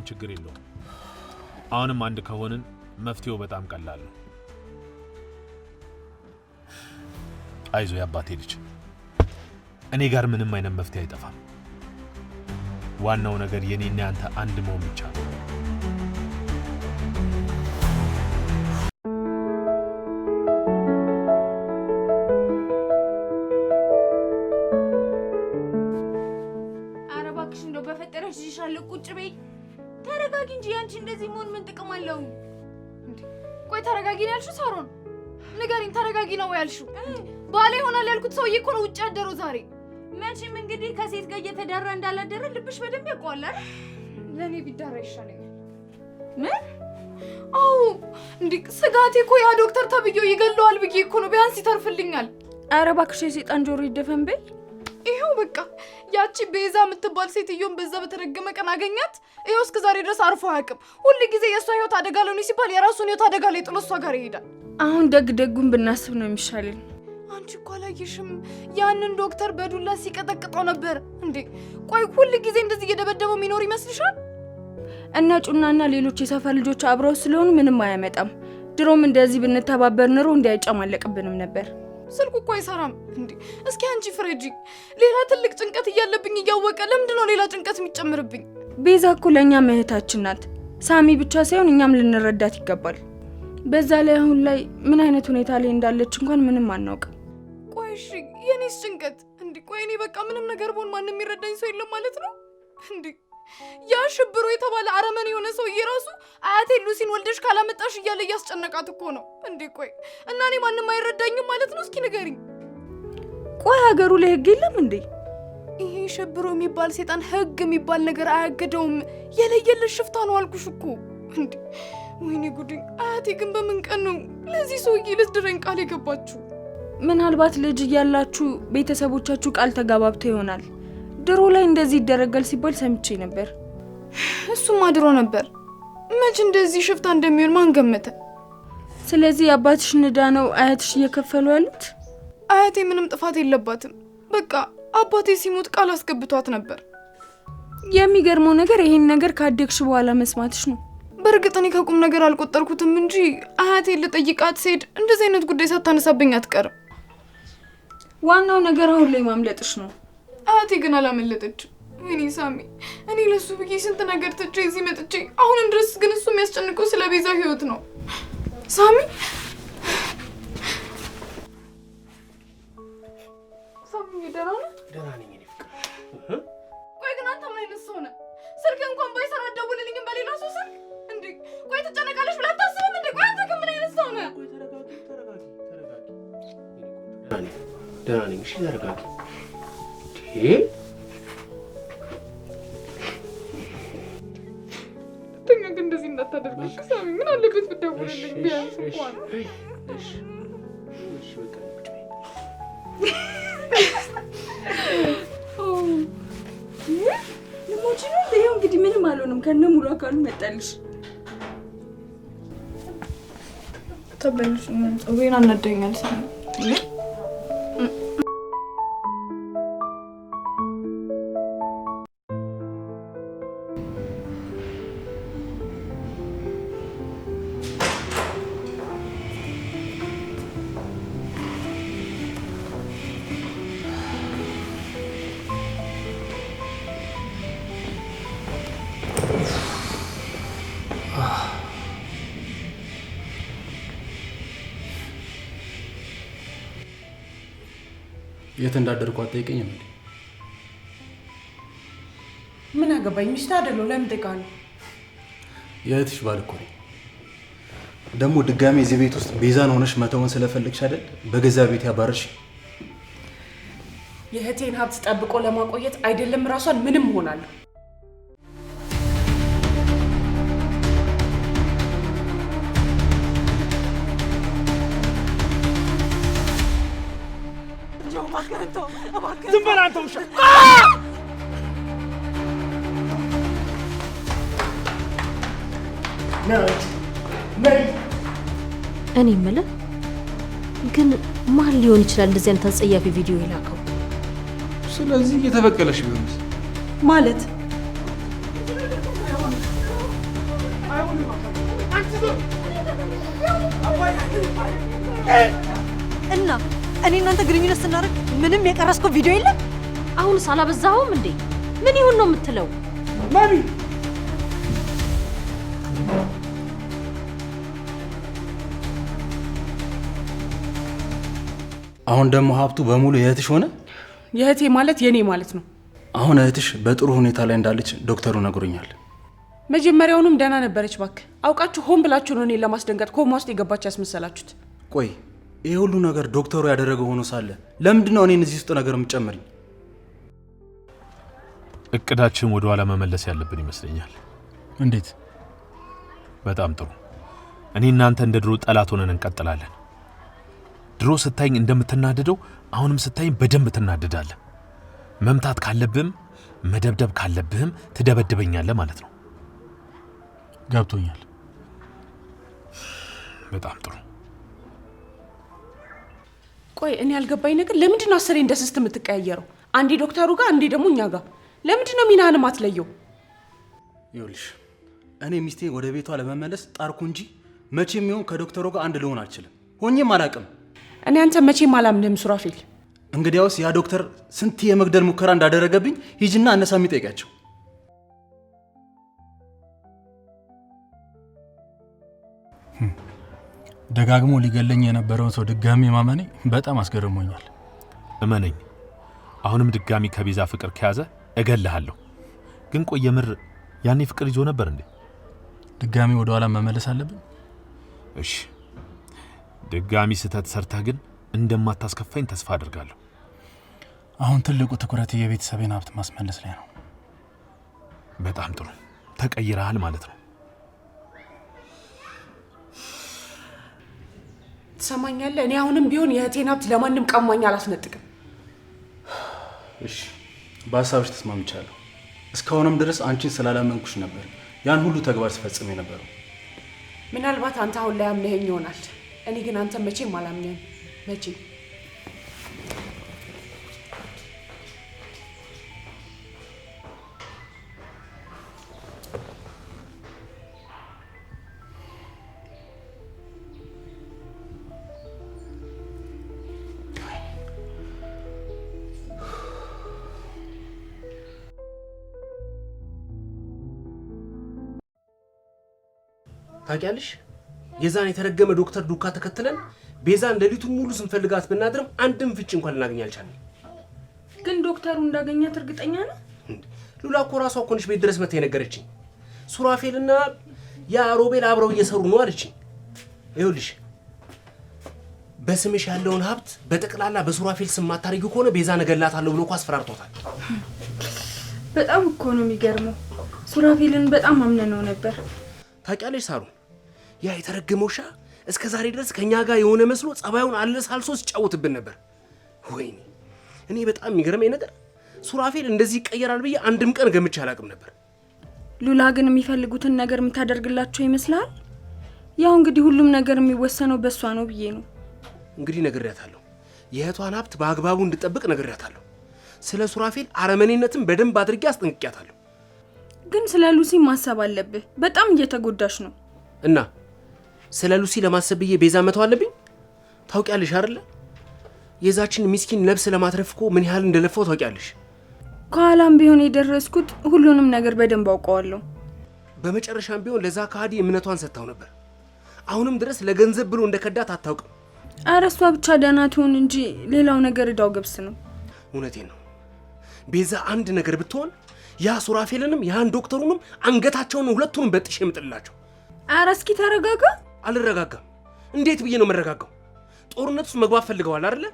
ማንኛውም ችግር የለውም። አሁንም አንድ ከሆንን መፍትሄው በጣም ቀላል ነው። አይዞ የአባቴ ልጅ፣ እኔ ጋር ምንም አይነት መፍትሄ አይጠፋም። ዋናው ነገር የኔና ያንተ አንድ መሆን ብቻ ነው። የለውም። ቆይ ተረጋጊ ነው ያልሽው? ሳሮን ንገሪኝ፣ ተረጋጊ ነው ያልሽው? ባሌ ሆነ ያልኩት ሰውዬ እኮ ነው ውጭ ያደረው ዛሬ። መቼም እንግዲህ ከሴት ጋር እየተዳራ እንዳላደረ ልብሽ በደንብ ያውቀዋል። ለእኔ ቢዳራ ይሻለኛል። ምን? አዎ እንዴ! ስጋቴ እኮ ያ ዶክተር ተብዬው ይገለዋል ብዬ እኮ ነው። ቢያንስ ይተርፍልኛል። አረ እባክሽ የሴጣን ጆሮ ይደፈንብኝ። ይኸው በቃ ያቺ ቤዛ የምትባል ሴትዮን በዛ በተረገመ ቀን አገኛት። ይኸው እስከ ዛሬ ድረስ አርፎ አያውቅም። ሁል ጊዜ የእሷ ህይወት አደጋ ለሆኑ ሲባል የራሱን ህይወት አደጋ ላይ ጥሎ እሷ ጋር ይሄዳል። አሁን ደግ ደጉን ብናስብ ነው የሚሻልን። አንቺ እኮ አላየሽም? ያንን ዶክተር በዱላ ሲቀጠቅጠው ነበር እንዴ? ቆይ ሁል ጊዜ እንደዚህ እየደበደበው የሚኖር ይመስልሻል? እና ጩናና ሌሎች የሰፈር ልጆች አብረው ስለሆኑ ምንም አያመጣም። ድሮም እንደዚህ ብንተባበር ኑሮ እንዳይጨማለቅብንም ነበር። ስልኩ እኮ አይሰራም እንዴ! እስኪ አንቺ ፍረጂ። ሌላ ትልቅ ጭንቀት ለምንድን ነው ሌላ ጭንቀት የሚጨምርብኝ? ቤዛ እኮ ለእኛ እህታችን ናት። ሳሚ ብቻ ሳይሆን እኛም ልንረዳት ይገባል። በዛ ላይ አሁን ላይ ምን አይነት ሁኔታ ላይ እንዳለች እንኳን ምንም አናውቅም። ቆይ እሺ የኔስ ጭንቀት እንዲ ቆይ እኔ በቃ ምንም ነገር ብሆን ማንም የሚረዳኝ ሰው የለም ማለት ነው እንዲ ያ ሽብሮ የተባለ አረመኔ የሆነ ሰውዬ ራሱ አያቴ ሉሲን ወልደሽ ካላመጣሽ እያለ እያስጨነቃት እኮ ነው። እንዴ ቆይ እና እኔ ማንም አይረዳኝም ማለት ነው? እስኪ ንገሪኝ። ቆይ ሀገሩ ላይ ህግ የለም እንዴ? ይሄ ሸብሮ የሚባል ሴጣን ህግ የሚባል ነገር አያገደውም። የለየለት ሽፍታ ነው አልኩሽ እኮ። እንዴ ወይኔ ጉዴ! አያቴ ግን በምን ቀን ነው ለዚህ ሰውዬ ልትድረኝ ቃል የገባችሁ? ምናልባት ልጅ እያላችሁ ቤተሰቦቻችሁ ቃል ተጋባብቶ ይሆናል። ድሮ ላይ እንደዚህ ይደረጋል ሲባል ሰምቼ ነበር። እሱም አድሮ ነበር። መች እንደዚህ ሽፍታ እንደሚሆን ማን ገመተ? ስለዚህ አባትሽ ንዳ ነው አያትሽ እየከፈሉ ያሉት። አያቴ ምንም ጥፋት የለባትም። በቃ አባቴ ሲሞት ቃል አስገብቷት ነበር። የሚገርመው ነገር ይህን ነገር ካደግሽ በኋላ መስማትሽ ነው። በእርግጥ እኔ ከቁም ነገር አልቆጠርኩትም እንጂ አያቴ ልጠይቃት ስሄድ እንደዚህ አይነት ጉዳይ ሳታነሳብኝ አትቀርም። ዋናው ነገር አሁን ላይ ማምለጥሽ ነው። አያቴ ግን አላመለጠች። እኔ ሳሚ፣ እኔ ለሱ ብዬ ስንት ነገር ትቼ እዚህ መጥቼ፣ አሁንም ድረስ ግን እሱ የሚያስጨንቀው ስለ ቤዛ ህይወት ነው ሳሚ ሳምዬ ደህና ነህ? ደህና ነኝ እኔ ፍቅር። ቆይ ግን አንተ ምን አይነት ሰው ነህ? ስልክ እንኳን ባይሰራ አትደውልልኝም በሌላ ሰው ስልክ እንዴ? ቆይ ትጨነቃለች ብለህ አታስብም እንዴ? ቆይ አንተ ምን አይነት ሰው ነህ? ደህና ነኝ። እሺ ተረጋጊ። ተኛ ግን እንደዚህ እንዳታደርግ ሳሚ። ምን አለበት ብትደውልልኝ ቢያንስ እንኳን ከነ ሙሉ አካሉ መጣልሽ። ተበልሽ ምን ጸጉሬን አናደኛል የት እንዳደርኩ አትጠይቀኝም እንዴ? ምን አገባኝ? ሚስት አይደለሁ ለምን እጠይቃለሁ? የእህትሽ ባል እኮ ነኝ። ደግሞ ድጋሜ እዚህ ቤት ውስጥ ቤዛን ሆነሽ መተውን ስለፈለግሽ አይደል በገዛ ቤት ያባረሽ። የእህቴን ሀብት ጠብቆ ለማቆየት አይደለም እራሷን ምንም እሆናለሁ ዝም በል አንተ ውሻ! እኔ የምልህ ግን ማን ሊሆን ይችላል እንደዚህ አይነት አጸያፊ ቪዲዮ የላከው? ስለዚህ እየተበቀለሽ ቢሆንስ? ማለት እኔ እናንተ ግንኙነት ስናደርግ ምንም የቀረስከው ቪዲዮ የለም። አሁንስ አላበዛኸውም እንዴ? ምን ይሁን ነው የምትለው? ማሚ አሁን ደግሞ ሀብቱ በሙሉ የእህትሽ ሆነ። የእህቴ ማለት የእኔ ማለት ነው። አሁን እህትሽ በጥሩ ሁኔታ ላይ እንዳለች ዶክተሩ ነግሮኛል። መጀመሪያውንም ደህና ነበረች። እባክህ አውቃችሁ ሆን ብላችሁ ነው እኔን ለማስደንገጥ ኮማ ውስጥ የገባች ያስመሰላችሁት። ቆይ ይሄ ሁሉ ነገር ዶክተሩ ያደረገው ሆኖ ሳለ ለምንድን ነው እኔን እዚህ ውስጥ ነገር የምትጨምሪኝ? እቅዳችን ወደ ኋላ መመለስ ያለብን ይመስለኛል። እንዴት? በጣም ጥሩ። እኔ እናንተ እንደ ድሮ ጠላት ሆነን እንቀጥላለን። ድሮ ስታይኝ እንደምትናደደው አሁንም ስታይኝ በደንብ ትናደዳለህ። መምታት ካለብህም መደብደብ ካለብህም ትደበድበኛለህ ማለት ነው። ገብቶኛል። በጣም ጥሩ ቆይ እኔ ያልገባኝ ነገር ለምንድን ነው አስሬ እንደ ስስት የምትቀያየረው? አንዴ ዶክተሩ ጋር አንዴ ደግሞ እኛ ጋር ለምንድን ነው ሚናህንም አትለየው? ይኸውልሽ እኔ ሚስቴ ወደ ቤቷ ለመመለስ ጣርኩ እንጂ መቼም ይሁን ከዶክተሩ ጋር አንድ ልሆን አልችልም፣ ሆኜም አላቅም። እኔ አንተ መቼም አላምንም ሱራፌል። እንግዲያውስ ያ ዶክተር ስንት የመግደል ሙከራ እንዳደረገብኝ ሂጅና እነሳሚ ጠይቂያቸው። ደጋግሞ ሊገለኝ የነበረውን ሰው ድጋሚ ማመኔ በጣም አስገርሞኛል። እመነኝ፣ አሁንም ድጋሚ ከቤዛ ፍቅር ከያዘ እገልሃለሁ። ግን ቆይ የምር ያኔ ፍቅር ይዞ ነበር እንዴ? ድጋሚ ወደ ኋላ መመለስ አለብን? እሺ፣ ድጋሚ ስህተት ሰርተህ ግን እንደማታስከፋኝ ተስፋ አድርጋለሁ። አሁን ትልቁ ትኩረት የቤተሰቤን ሀብት ማስመለስ ላይ ነው። በጣም ጥሩ ተቀይረሃል ማለት ነው። ትሰማኛለህ? እኔ አሁንም ቢሆን የእህቴን ሀብት ለማንም ቀማኝ አላስነጥቅም። እሺ፣ በሀሳብሽ ተስማምቻለሁ። እስካሁንም ድረስ አንቺን ስላላመንኩሽ ነበር ያን ሁሉ ተግባር ስፈጽም የነበረው። ምናልባት አንተ አሁን ላይ አምነኸኝ ይሆናል። እኔ ግን አንተ መቼም አላምነህም መቼም ታውቂያለሽ፣ የዛን የተረገመ ዶክተር ዱካ ተከትለን ቤዛን ሌሊቱን ሙሉ ስንፈልጋት ብናድርም አንድም ፍጭ እንኳን ልናገኝ አልቻለን። ግን ዶክተሩ እንዳገኛት እርግጠኛ ነው? ሉላ እኮ ራሷ እኮ ነች ቤት ድረስ መታ የነገረችኝ። ሱራፌልና ያ ሮቤል አብረው እየሰሩ ነው አለችኝ። ይኸውልሽ በስምሽ ያለውን ሀብት በጠቅላላ በሱራፌል ስም ማታደርጊው ከሆነ ቤዛ ነገላታለሁ ብሎ እኮ አስፈራርቶታል። በጣም እኮ ነው የሚገርመው። ሱራፌልን በጣም አምነነው ነበር። ታውቂያለሽ ሳሩን ያ የተረገመ ውሻ እስከ ዛሬ ድረስ ከእኛ ጋር የሆነ መስሎ ጸባዩን አለሳልሶ ሲጫወትብን ነበር። ወይኔ እኔ በጣም የሚገርመኝ ነገር ሱራፌል እንደዚህ ይቀየራል ብዬ አንድም ቀን ገምቼ አላቅም ነበር። ሉላ ግን የሚፈልጉትን ነገር የምታደርግላቸው ይመስላል። ያው እንግዲህ ሁሉም ነገር የሚወሰነው በእሷ ነው ብዬ ነው እንግዲህ ነግሬያታለሁ። የእህቷን ሀብት በአግባቡ እንድጠብቅ ነግሬያታለሁ። ስለ ሱራፌል አረመኔነትም በደንብ አድርጌ አስጠንቅቄያታለሁ። ግን ስለ ሉሲ ማሰብ አለብህ። በጣም እየተጎዳች ነው እና ስለ ሉሲ ለማሰብ ብዬ ቤዛ መተው አለብኝ? ታውቂያለሽ አይደለ? የዛችን ሚስኪን ነብስ ለማትረፍ እኮ ምን ያህል እንደለፋው ታውቂያለሽ። ከኋላም ቢሆን የደረስኩት ሁሉንም ነገር በደንብ አውቀዋለሁ። በመጨረሻም ቢሆን ለዛ ከሃዲ እምነቷን ሰጥታው ነበር። አሁንም ድረስ ለገንዘብ ብሎ እንደከዳት አታውቅም። ኧረ እሷ ብቻ ደህና ትሆን እንጂ ሌላው ነገር እዳው ገብስ ነው። እውነቴን ነው ቤዛ፣ አንድ ነገር ብትሆን ያ ሱራፌልንም ያን ዶክተሩንም አንገታቸውን ሁለቱንም በጥሽ የምጥልላቸው። ኧረ እስኪ ተረጋጋ። አልረጋጋም። እንዴት ብዬ ነው መረጋጋው? ጦርነት ውስጥ መግባት ፈልገዋል አይደለ?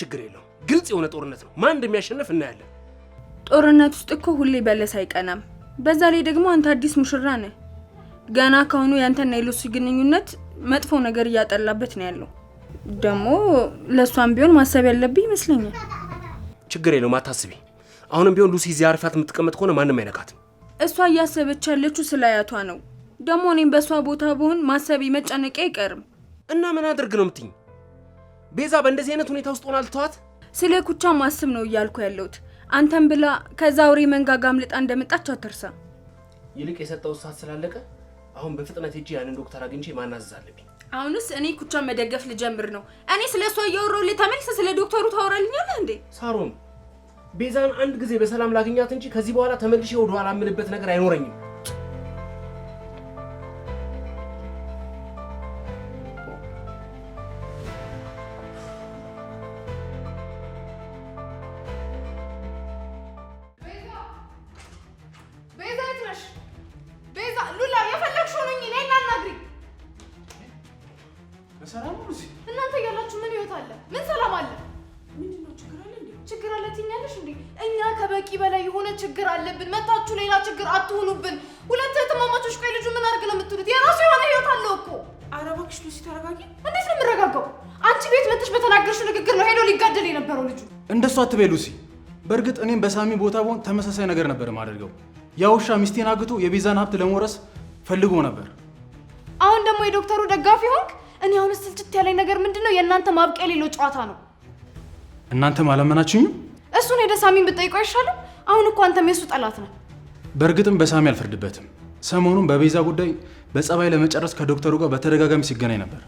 ችግር የለውም። ግልጽ የሆነ ጦርነት ነው። ማን እንደሚያሸንፍ እናያለን። ጦርነት ውስጥ እኮ ሁሌ በለስ አይቀናም። በዛ ላይ ደግሞ አንተ አዲስ ሙሽራ ነህ። ገና ከአሁኑ ያንተና የሉሲ ግንኙነት መጥፎ ነገር እያጠላበት ነው ያለው። ደግሞ ለእሷም ቢሆን ማሰብ ያለብህ ይመስለኛል። ችግር የለውም አታስቢ። አሁንም ቢሆን ሉሲ እዚያ አርፋት የምትቀመጥ ከሆነ ማንም አይነካትም። እሷ እያሰበች ያለችው ስለ አያቷ ነው። ደግሞ እኔም በእሷ ቦታ ብሆን ማሰቤ መጨነቄ አይቀርም። እና ምን አድርግ ነው የምትይኝ? ቤዛ በእንደዚህ አይነት ሁኔታ ውስጥ ሆና ልተዋት? ስለ ኩቻ ማስብ ነው እያልኩ ያለሁት። አንተም ብላ ከዛ አውሬ መንጋጋ አምልጣ እንደመጣች አትርሳ። ይልቅ የሰጠው ሰዓት ስላለቀ አሁን በፍጥነት ሄጄ ያንን ዶክተር አግኝቼ ማናዘዝ አለብኝ። አሁንስ እኔ ኩቻን መደገፍ ልጀምር ነው። እኔ ስለ እሷ እያወራሁልህ ተመልሰ ስለ ዶክተሩ ታወራልኛለህ እንዴ? ሳሮን ቤዛን አንድ ጊዜ በሰላም ላግኛት እንጂ ከዚህ በኋላ ተመልሼ ወደኋላ የምልበት ነገር አይኖረኝም። እንደሱ አትበይ ሉሲ። በእርግጥ እኔም በሳሚ ቦታ በሆን ተመሳሳይ ነገር ነበር የማደርገው። ያ ውሻ ሚስቴን አግቶ የቤዛን ሀብት ለመውረስ ፈልጎ ነበር። አሁን ደግሞ የዶክተሩ ደጋፊ ሆንክ። እኔ አሁን ስልችት ያለኝ ነገር ምንድን ነው? የእናንተ ማብቂያ የሌለው ጨዋታ ነው። እናንተም አላመናችሁኝም። እሱን ሄደ ሳሚን ብጠይቀው አይሻልም? አሁን እኮ አንተም የእሱ ጠላት ነው። በእርግጥም በሳሚ አልፈርድበትም። ሰሞኑን በቤዛ ጉዳይ በጸባይ ለመጨረስ ከዶክተሩ ጋር በተደጋጋሚ ሲገናኝ ነበር።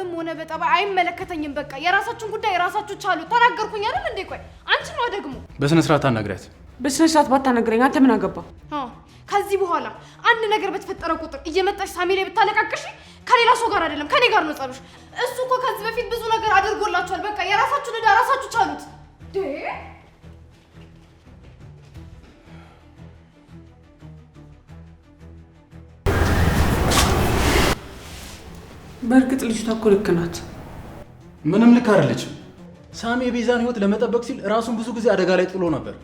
በጥበብም ሆነ በጠባይ አይመለከተኝም። በቃ የራሳችሁን ጉዳይ የራሳችሁ ቻሉ። ተናገርኩኝ አይደል እንዴ? ቆይ አንቺ ነው ደግሞ በስነ ስርዓት አናግሪያት። በስነ ስርዓት ባታናግረኝ አንተ ምን አገባ? ከዚህ በኋላ አንድ ነገር በተፈጠረ ቁጥር እየመጣሽ ሳሚ ላይ ብታለቃቅሽ ከሌላ ሰው ጋር አይደለም ከኔ ጋር ነው ጸብሽ። እሱ እኮ ከዚህ በፊት ብዙ ነገር አድርጎላችኋል። በቃ የራሳችሁን ዕዳ ራሳችሁ ቻሉት። ዴ በእርግጥ ልጅቷ እኮ ልክ ናት። ምንም ልክ አይደለችም። ሳሚ የቤዛን ህይወት ለመጠበቅ ሲል ራሱን ብዙ ጊዜ አደጋ ላይ ጥሎ ነበር።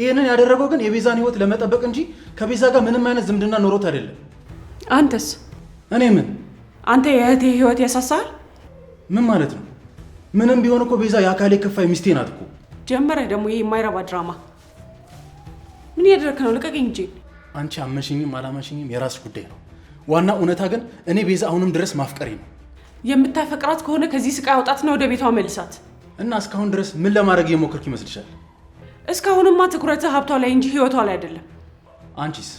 ይህንን ያደረገው ግን የቤዛን ህይወት ለመጠበቅ እንጂ ከቤዛ ጋር ምንም አይነት ዝምድና ኖሮት አይደለም። አንተስ? እኔ ምን? አንተ የእህቴ ህይወት ያሳሳል? ምን ማለት ነው? ምንም ቢሆን እኮ ቤዛ የአካሌ ክፋይ ሚስቴ ናት እኮ። ጀመረህ ደግሞ ይህ የማይረባ ድራማ። ምን እያደረክ ነው? ልቀቅኝ እንጂ። አንቺ አመሽኝም አላመሽኝም የራስሽ ጉዳይ ነው። ዋና እውነታ ግን እኔ ቤዛ አሁንም ድረስ ማፍቀሪ ነው። የምታፈቅራት ከሆነ ከዚህ ስቃይ አውጣትና ወደ ቤቷ መልሳት እና እስካሁን ድረስ ምን ለማድረግ የሞከርክ ይመስልሻል? እስካሁንማ ትኩረትህ ሀብቷ ላይ እንጂ ህይወቷ ላይ አይደለም። አንቺስ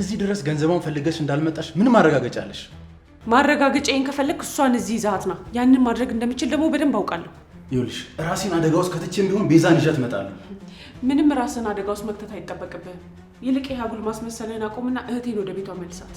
እዚህ ድረስ ገንዘቧን ፈልገሽ እንዳልመጣሽ ምን ማረጋገጫ አለሽ? ማረጋገጫዬን ከፈለግ እሷን እዚህ ይዛት ና። ያንን ማድረግ እንደምችል ደግሞ በደንብ አውቃለሁ። ይኸውልሽ ራሴን አደጋ ውስጥ ከትቼም ቢሆን ቤዛን ይዣት እመጣለሁ። ምንም ራስን አደጋ ውስጥ መክተት አይጠበቅብህም። ይልቅ ይህ አጉል ማስመሰልህን አቁምና እህቴን ወደ ቤቷ መልሳት።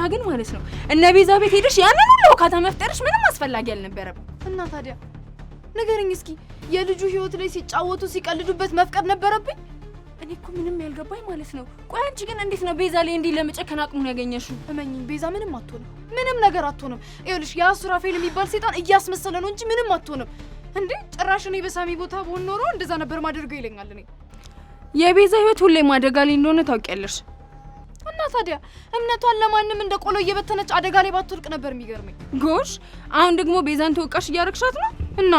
ብቻ ግን ማለት ነው እነ ቤዛ ቤት ሄደሽ ያንን ሁሉ እውካታ መፍጠርሽ ምንም አስፈላጊ አልነበረም። እና ታዲያ ንገረኝ እስኪ የልጁ ህይወት ላይ ሲጫወቱ ሲቀልዱበት መፍቀድ ነበረብኝ? እኔ እኮ ምንም ያልገባኝ ማለት ነው። ቆይ አንቺ ግን እንዴት ነው ቤዛ ላይ እንዲህ ለመጨከን አቅሙን ያገኘሽው? እመኝኝ ቤዛ ምንም አትሆንም፣ ምንም ነገር አትሆንም። ይኸውልሽ ያ ሱራፌል የሚባል ሴጣን እያስመሰለ ነው እንጂ ምንም አትሆንም። እንዴ ጭራሽ እኔ በሳሚ ቦታ ብሆን ኖሮ እንደዛ ነበር ማደርገው ይለኛል። እኔ የቤዛ ህይወት ሁሌ ማደጋ ላይ እንደሆነ ታውቂያለሽ። ታዲያ እምነቷን ለማንም እንደ ቆሎ እየበተነች አደጋ ላይ ባትወድቅ ነበር የሚገርመኝ። ጎሽ፣ አሁን ደግሞ ቤዛን ተወቃሽ እያረግሻት ነው እና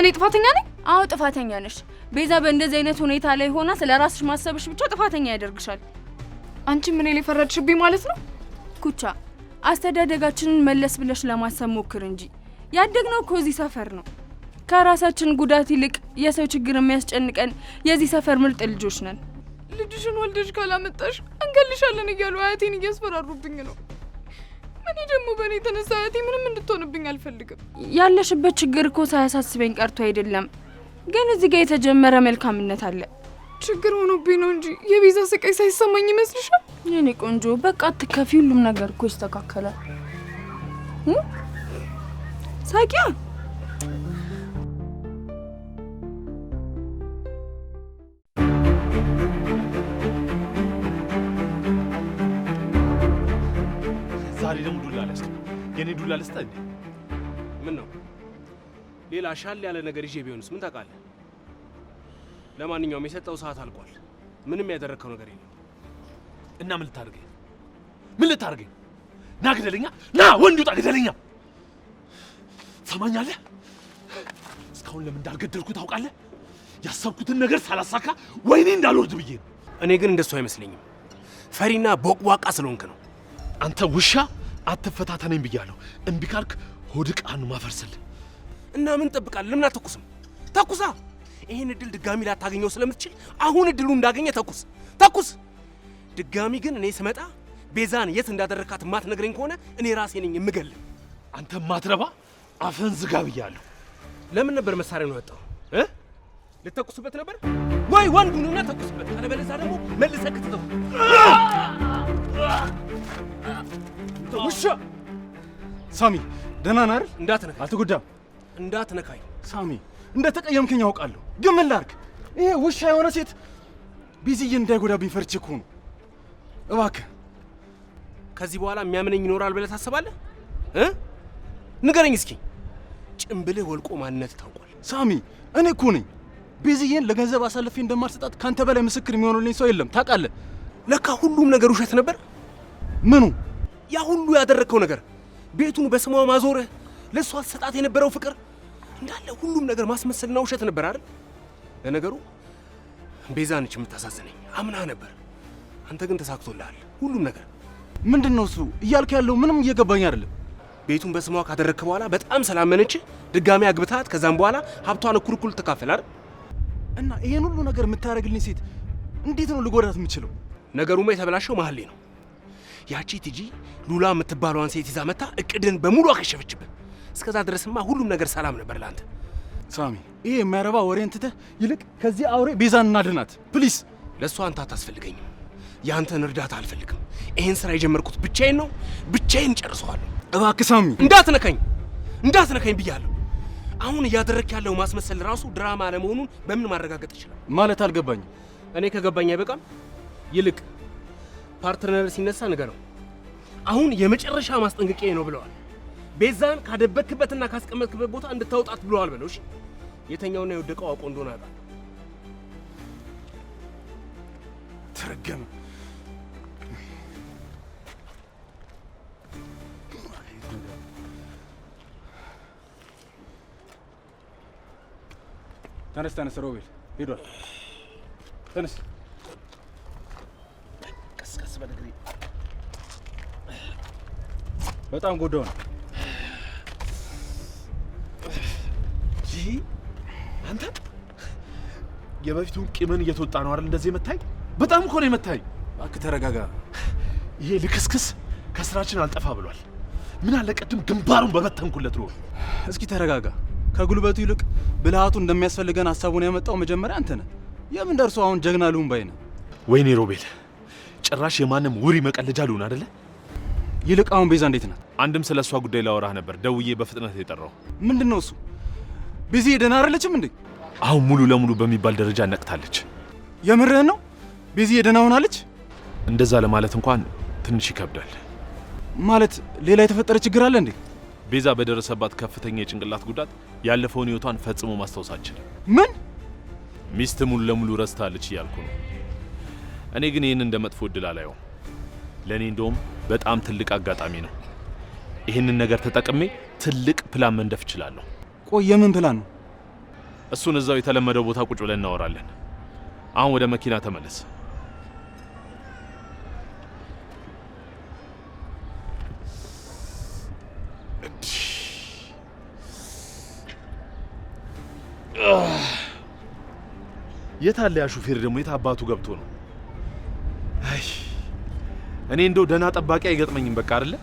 እኔ ጥፋተኛ ነኝ? አዎ ጥፋተኛ ነሽ። ቤዛ በእንደዚህ አይነት ሁኔታ ላይ ሆና ስለ ራስሽ ማሰብሽ ብቻ ጥፋተኛ ያደርግሻል። አንቺ ምን ላይ ፈረድሽብኝ ማለት ነው? ኩቻ አስተዳደጋችንን መለስ ብለሽ ለማሰብ ሞክር እንጂ ያደግነው እኮ እዚህ ሰፈር ነው። ከራሳችን ጉዳት ይልቅ የሰው ችግር የሚያስጨንቀን የዚህ ሰፈር ምርጥ ልጆች ነን። ልጅሽን ወልደሽ ካላመጣሽ እንገልሻለን እያሉ አያቴን እያስፈራሩብኝ ነው። እኔ ደግሞ በእኔ የተነሳ አያቴ ምንም እንድትሆንብኝ አልፈልግም። ያለሽበት ችግር እኮ ሳያሳስበኝ ቀርቶ አይደለም፣ ግን እዚህ ጋር የተጀመረ መልካምነት አለ። ችግር ሆኖብኝ ነው እንጂ የቤዛ ስቃይ ሳይሰማኝ ይመስልሻል? የኔ ቆንጆ በቃ አትከፊ፣ ሁሉም ነገር እኮ ይስተካከላል። ሳቂያ የኔ ዱላ ልስጥህ እንዴ? ምን ነው ሌላ ሻል ያለ ነገር ይዤ ቢሆንስ ምን ታውቃለህ? ለማንኛውም የሰጠው ሰዓት አልቋል። ምንም ያደረግከው ነገር የለም። እና ምን ልታደርገኝ? ምን ልታደርገኝ? ና ግደለኛ፣ ና ወንድ ውጣ ግደለኛ። ሰማኛለህ? እስካሁን ለምን እንዳልገደልኩ ታውቃለህ? ያሰብኩትን ነገር ሳላሳካ ወይኔ እንዳልወርድ ብዬ ነው። እኔ ግን እንደሱ አይመስለኝም። ፈሪና ቦቅቧቃ ስለሆንክ ነው አንተ ውሻ አትፈታተነኝ ብያለሁ። እምቢ ካልክ ሆድቃኑ ማፈርስል እና ምን ጠብቃል? ለምን አትኩስም? ተኩሳ። ይህን እድል ድጋሚ ላታገኘው ስለምትችል አሁን እድሉ እንዳገኘ ተኩስ፣ ተኩስ። ድጋሚ ግን እኔ ስመጣ ቤዛን የት እንዳደረካት ነግረኝ ከሆነ እኔ ራሴ ነኝ የምገል። አንተ ማትረባ አፈን ዝጋ ብያለሁ። ለምን ነበር መሳሪያ ነው ያወጣው? ልተኩስበት ነበር ወይ? ወንዱንና ተኩስበት፣ አለበለዚያ ደግሞ መልሰህ ክትተው ውሻ ሳሚ፣ ደህና ነህ አይደል? እንዳትነካኝ። አልተጎዳም? እንዳትነካኝ። ሳሚ፣ እንደተቀየምከኝ አውቃለሁ፣ ግን ምን ላድርግ? ይሄ ውሻ የሆነ ሴት ቢዝዬ እንዳይጎዳ ፈርቼ እኮ ነው። እባክህ ከዚህ በኋላ የሚያምነኝ ይኖራል ብለህ ታስባለህ? ንገረኝ እስኪ። ጭምብልህ ወልቆ ማንነት ታውቋል። ሳሚ፣ እኔ እኮ ነኝ ቢዝዬን ለገንዘብ አሳልፌ እንደማልሰጣት ከአንተ በላይ ምስክር የሚሆንልኝ ሰው የለም። ታውቃለህ። ለካ ሁሉም ነገር ውሸት ነበር። ምኑ ያ ሁሉ ያደረግከው ነገር፣ ቤቱን በስሟ ማዞርህ፣ ለእሷ ሰጣት የነበረው ፍቅር እንዳለ ሁሉም ነገር ማስመሰልና ውሸት ነበር አይደል? ለነገሩ ቤዛ ነች የምታሳዝነኝ። አምና ነበር። አንተ ግን ተሳክቶልሃል ሁሉም ነገር። ምንድን ነው እሱ እያልክ ያለው? ምንም እየገባኝ አይደለም። ቤቱን በስሟ ካደረግክ በኋላ በጣም ስላመነች ድጋሚ አግብታት፣ ከዛም በኋላ ሀብቷን እኩልኩል እኩል ትካፈል አይደል? እና ይሄን ሁሉ ነገር የምታደርግልኝ ሴት እንዴት ነው ልጎዳት የምችለው? ነገሩማ የተበላሸው መሀሌ ነው። ያቺ ቲጂ ሉላ የምትባለዋን ሴት ይዛ መታ እቅድን በሙሉ አከሸፈችብን። እስከዛ ድረስማ ሁሉም ነገር ሰላም ነበር ለአንተ። ሳሚ፣ ይሄ የማይረባ ወሬን ትተህ ይልቅ ከዚህ አውሬ ቤዛን እናድናት ፕሊስ። ለእሷ አንተ አታስፈልገኝም። የአንተን እርዳታ አልፈልግም። ይሄን ስራ የጀመርኩት ብቻዬን ነው፣ ብቻዬን ጨርሰዋለሁ። እባክህ ሳሚ፣ እንዳትነካኝ፣ እንዳትነካኝ ብያለሁ። አሁን እያደረክ ያለው ማስመሰል ራሱ ድራማ አለመሆኑን በምን ማረጋገጥ ይችላል? ማለት አልገባኝም። እኔ ከገባኝ አይበቃም? ይልቅ ፓርትነር ሲነሳ ንገረው። አሁን የመጨረሻ ማስጠንቀቂያ ነው ብለዋል። ቤዛን ካደበክበትና ካስቀመጥክበት ቦታ እንድታውጣት ብለዋል ብለው። እሺ የተኛውና የወደቀው አውቆ እንደሆነ አጣ። ተረገመ። ተነስ ተነስ፣ ሮቤል ሄዷል። ተነስ ቀስ በል እግሬ በጣም ጎዳው ነው አንተ የበፊቱን ቂምን እየተወጣ ነው አይደል? እንደዚህ የመታኝ በጣም እኮ ነው የመታኝ። እባክህ ተረጋጋ። ይሄ ልክስክስ ከስራችን አልጠፋ ብሏል። ምን አለ ቅድም ግንባሩን በመተንኩለት ነው። እስኪ ተረጋጋ። ከጉልበቱ ይልቅ ብልሃቱ እንደሚያስፈልገን ሀሳቡን ያመጣው መጀመሪያ አንተ ነህ። የምን ደርሶ አሁን ጀግና ልሁን ባይ ወይኔ ሮቤል ጭራሽ የማንም ውሪ መቀለጃ ልሁን አደለ? ይልቅ አሁን ቤዛ እንዴት ናት? አንድም ስለ እሷ ጉዳይ ላወራህ ነበር ደውዬ በፍጥነት የጠራው። ምንድን ነው እሱ? ቤዛ ደህና አይደለችም እንዴ? አሁን ሙሉ ለሙሉ በሚባል ደረጃ ነቅታለች። የምርህን ነው? ቤዛ ደህና ሆናለች? እንደዛ ለማለት እንኳን ትንሽ ይከብዳል። ማለት ሌላ የተፈጠረ ችግር አለ እንዴ? ቤዛ በደረሰባት ከፍተኛ የጭንቅላት ጉዳት ያለፈውን ህይወቷን ፈጽሞ ማስታወስ ምን? ሚስት ሙሉ ለሙሉ ረስታለች እያልኩ ነው። እኔ ግን ይህን እንደ መጥፎ እድል አላየውም። ለእኔ እንደውም በጣም ትልቅ አጋጣሚ ነው። ይህንን ነገር ተጠቅሜ ትልቅ ፕላን መንደፍ እችላለሁ። ቆይ የምን ፕላን ነው? እሱን እዛው የተለመደው ቦታ ቁጭ ብለን እናወራለን። አሁን ወደ መኪና ተመለስ። የታለያ ሹፌር ደግሞ የት አባቱ ገብቶ ነው እኔ እንደው ደህና ጠባቂ አይገጥመኝም። በቃ አይደለ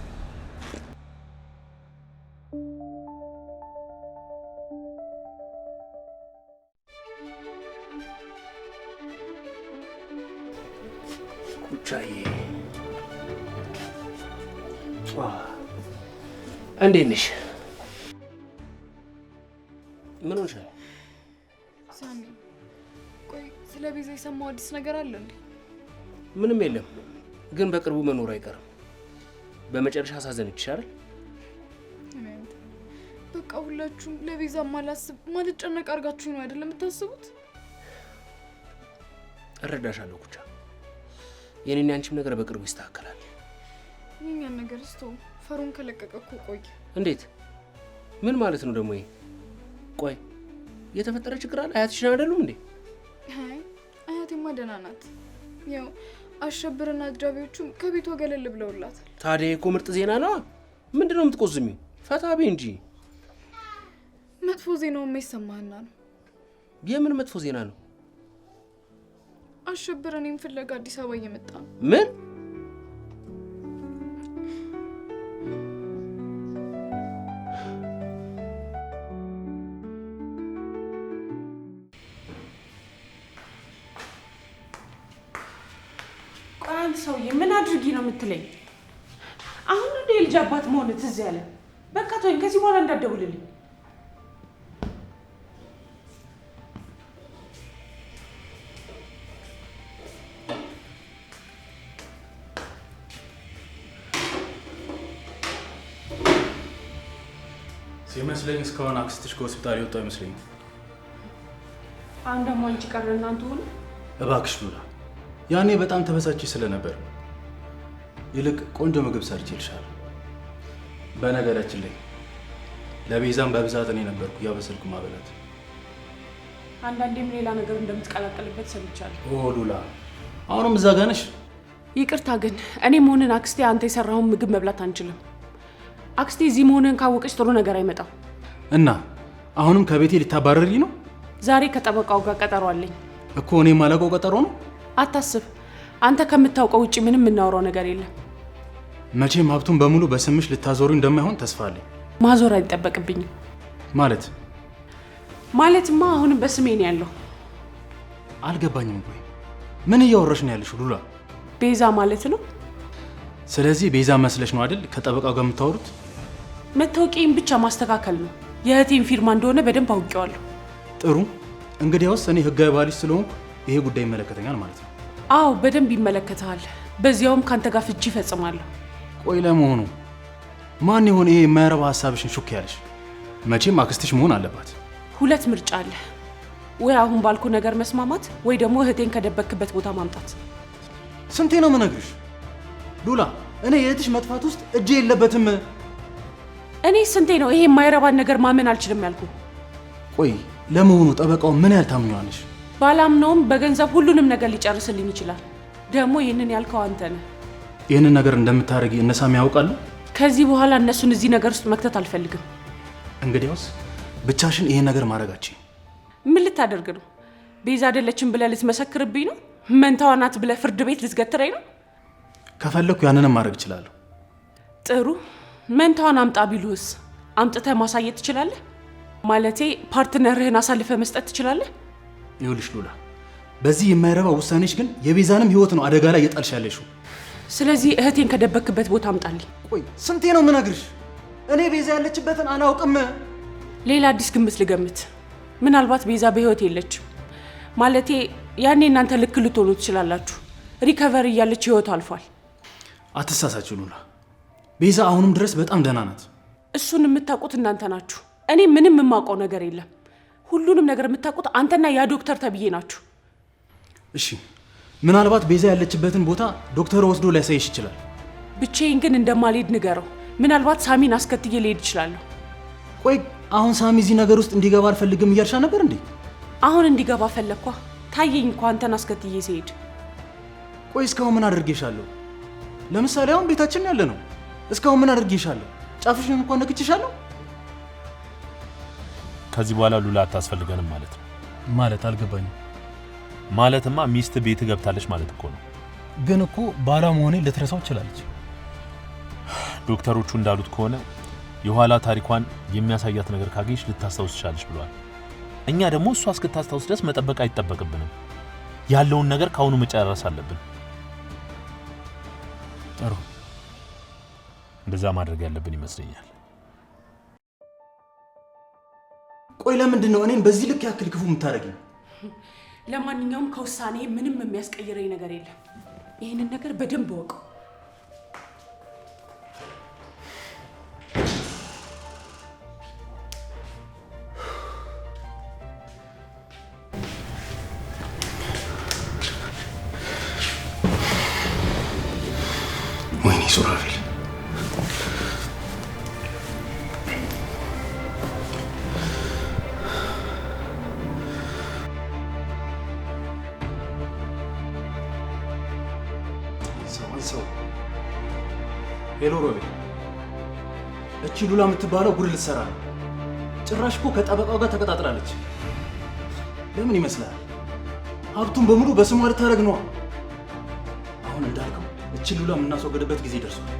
ቁጫዬ። እንዴት ነሽ? ምን ሆንሻል? ሳሚ፣ ቆይ ስለ ቤዛ የሰማው አዲስ ነገር አለ እንዴ? ምንም የለም፣ ግን በቅርቡ መኖር አይቀርም። በመጨረሻ አሳዘነች ይሻላል። በቃ ሁላችሁም ለቤዛ ማላስብ ማልጨነቅ አድርጋችሁ ነው አይደለም የምታስቡት? እረዳሻለሁ ኩቻ። የኔን ያንቺም ነገር በቅርቡ ይስተካከላል። የኛን ነገር ስቶ ፈሩን ከለቀቀ እኮ ቆይ። እንዴት? ምን ማለት ነው ደግሞ ይሄ? ቆይ የተፈጠረ ችግር አለ? አያትሽን አይደሉም እንዴ? አያቴማ ደህና ናት ያው አሸብርና አጃቢዎቹም ከቤቷ ገለል ብለውላታል። ታዲያ እኮ ምርጥ ዜና ነዋ። ምንድን ነው የምትቆዝሚው? ፈታ ቤ እንጂ መጥፎ ዜናው የማይሰማህና ነው። የምን መጥፎ ዜና ነው? አሸብር እኔም ፍለጋ አዲስ አበባ እየመጣ ነው። ምን የምትለኝ? አሁን እንደ የልጅ አባት መሆን ትዝ ያለ። በቃ ተወኝ፣ ከዚህ በኋላ እንዳደውልልኝ ሲመስለኝ እስካሁን አክስትሽ ከሆስፒታል የወጣው ይመስለኝ። አሁን ደግሞ አንቺ ቀረ እናንተ ሁሉ። እባክሽ ብላ ያኔ በጣም ተበሳች ስለነበር ይልቅ ቆንጆ ምግብ ሰርቼ ይልሻል። በነገራችን ላይ ለቤዛም በብዛት እኔ ነበርኩ ያበሰልኩ ማበላት። አንዳንዴም ሌላ ነገር እንደምትቀላቀልበት ሰምቻለሁ። ሉላ አሁንም እዛ ጋር ነሽ? ይቅርታ ግን እኔ መሆንን አክስቴ አንተ የሰራውን ምግብ መብላት አንችልም። አክስቴ እዚህ መሆንን ካወቀች ጥሩ ነገር አይመጣም። እና አሁንም ከቤቴ ሊታባረሪ ነው? ዛሬ ከጠበቃው ጋር ቀጠሮ አለኝ እኮ። እኔ የማላውቀው ቀጠሮ ነው? አታስብ። አንተ ከምታውቀው ውጭ ምንም የምናወራው ነገር የለም። መቼም ሀብቱን በሙሉ በስምሽ ልታዞሩ እንደማይሆን ተስፋ አለኝ። ማዞር አይጠበቅብኝም። ማለት ማለትማ አሁንም በስሜ ነው ያለው። አልገባኝም። ቆይ ምን እያወረሽ ነው ያለሽ ሉላ? ቤዛ ማለት ነው። ስለዚህ ቤዛ መስለሽ ነው አይደል ከጠበቃው ጋር የምታወሩት? መታወቂያዬን ብቻ ማስተካከል ነው። የእህቴን ፊርማ እንደሆነ በደንብ አውቄዋለሁ። ጥሩ እንግዲያውስ እኔ ህጋዊ ባልሽ ስለሆንኩ ይሄ ጉዳይ ይመለከተኛል ማለት ነው። አዎ በደንብ ይመለከተሃል። በዚያውም ከአንተ ጋር ፍቺ ይፈጽማለሁ። ቆይ ለመሆኑ ማን ይሆን ይሄ የማይረባ ሀሳብሽን ሹክ ያለሽ? መቼም አክስትሽ መሆን አለባት። ሁለት ምርጫ አለ። ወይ አሁን ባልኩ ነገር መስማማት፣ ወይ ደግሞ እህቴን ከደበክበት ቦታ ማምጣት። ስንቴ ነው የምነግርሽ ሉላ፣ እኔ የእህትሽ መጥፋት ውስጥ እጄ የለበትም። እኔ ስንቴ ነው ይሄ የማይረባን ነገር ማመን አልችልም ያልኩ። ቆይ ለመሆኑ ጠበቃውን ምን ያህል ታምኘዋለሽ? ባላምነውም በገንዘብ ሁሉንም ነገር ሊጨርስልኝ ይችላል። ደግሞ ይህንን ያልከው አንተ ነህ። ይህንን ነገር እንደምታደርጊ እነሳም ያውቃሉ? ከዚህ በኋላ እነሱን እዚህ ነገር ውስጥ መክተት አልፈልግም። እንግዲያውስ ብቻሽን ይሄን ነገር ማድረጋችን ምን ልታደርግ ነው? ቤዛ አይደለችም ብለህ ልትመሰክርብኝ ነው? መንታዋ ናት ብለህ ፍርድ ቤት ልትገትረኝ ነው? ከፈለኩ ያንንም ማድረግ እችላለሁ። ጥሩ መንታዋን አምጣ ቢሉስ አምጥተህ ማሳየት ትችላለህ? ማለቴ ፓርትነርህን አሳልፈ መስጠት ትችላለህ? ይኸውልሽ ሉላ፣ በዚህ የማይረባ ውሳኔሽ ግን የቤዛንም ህይወት ነው አደጋ ላይ እየጣልሽ ያለሽው። ስለዚህ እህቴን ከደበክበት ቦታ አምጣልኝ። ቆይ ስንቴ ነው የምነግርሽ? እኔ ቤዛ ያለችበትን አናውቅም። ሌላ አዲስ ግምት ልገምት። ምናልባት ቤዛ በህይወት የለችም። ማለቴ ያኔ እናንተ ልክ ልትሆኑ ትችላላችሁ። ሪከቨር እያለች ህይወት አልፏል። አትሳሳችሁ ሉላ፣ ቤዛ አሁንም ድረስ በጣም ደህና ናት። እሱን የምታውቁት እናንተ ናችሁ። እኔ ምንም የማውቀው ነገር የለም። ሁሉንም ነገር የምታውቁት አንተና ያ ዶክተር ተብዬ ናችሁ። እሺ ምናልባት ቤዛ ያለችበትን ቦታ ዶክተር ወስዶ ሊያሳይሽ ይችላል። ብቻዬን ግን እንደማልሄድ ንገረው። ምናልባት ሳሚን አስከትዬ ልሄድ እችላለሁ። ቆይ አሁን ሳሚ እዚህ ነገር ውስጥ እንዲገባ አልፈልግም እያልሻ ነበር እንዴ? አሁን እንዲገባ ፈለግኳ። ታየኝ እንኳ አንተን አስከትዬ ሲሄድ። ቆይ እስካሁን ምን አድርጌሻለሁ? ለምሳሌ አሁን ቤታችን ያለ ነው። እስካሁን ምን አድርጌሻለሁ? ጫፍሽን እንኳን ነክቼሻለሁ? ከዚህ በኋላ ሉላ አታስፈልገንም ማለት ነው? ማለት አልገባኝም። ማለትማ ሚስት ቤት ገብታለች ማለት እኮ ነው። ግን እኮ ባሏ መሆኔ ልትረሳው ይችላለች። ዶክተሮቹ እንዳሉት ከሆነ የኋላ ታሪኳን የሚያሳያት ነገር ካገኘች ልታስታውስ ትችላለች ብለዋል። እኛ ደግሞ እሷ እስክታስታውስ ድረስ መጠበቅ አይጠበቅብንም። ያለውን ነገር ከአሁኑ መጨረስ አለብን። ጥሩ፣ እንደዛ ማድረግ ያለብን ይመስለኛል። ቆይ ለምንድን ነው እኔን በዚህ ልክ ያክል ክፉ የምታደርጊኝ? ለማንኛውም ከውሳኔ ምንም የሚያስቀይረኝ ነገር የለም። ይህንን ነገር በደንብ እወቀው። ወይኔ ሱራፌል ሉላ የምትባለው ጉድ ልትሰራ ነው። ጭራሽ እኮ ከጠበቃው ጋር ተቀጣጥራለች። ለምን ይመስላል? ሀብቱን በሙሉ በስሟ ልታደርግ ነዋ። አሁን እንዳልከው እቺ ሉላ የምናስወገድበት ጊዜ ደርሷል።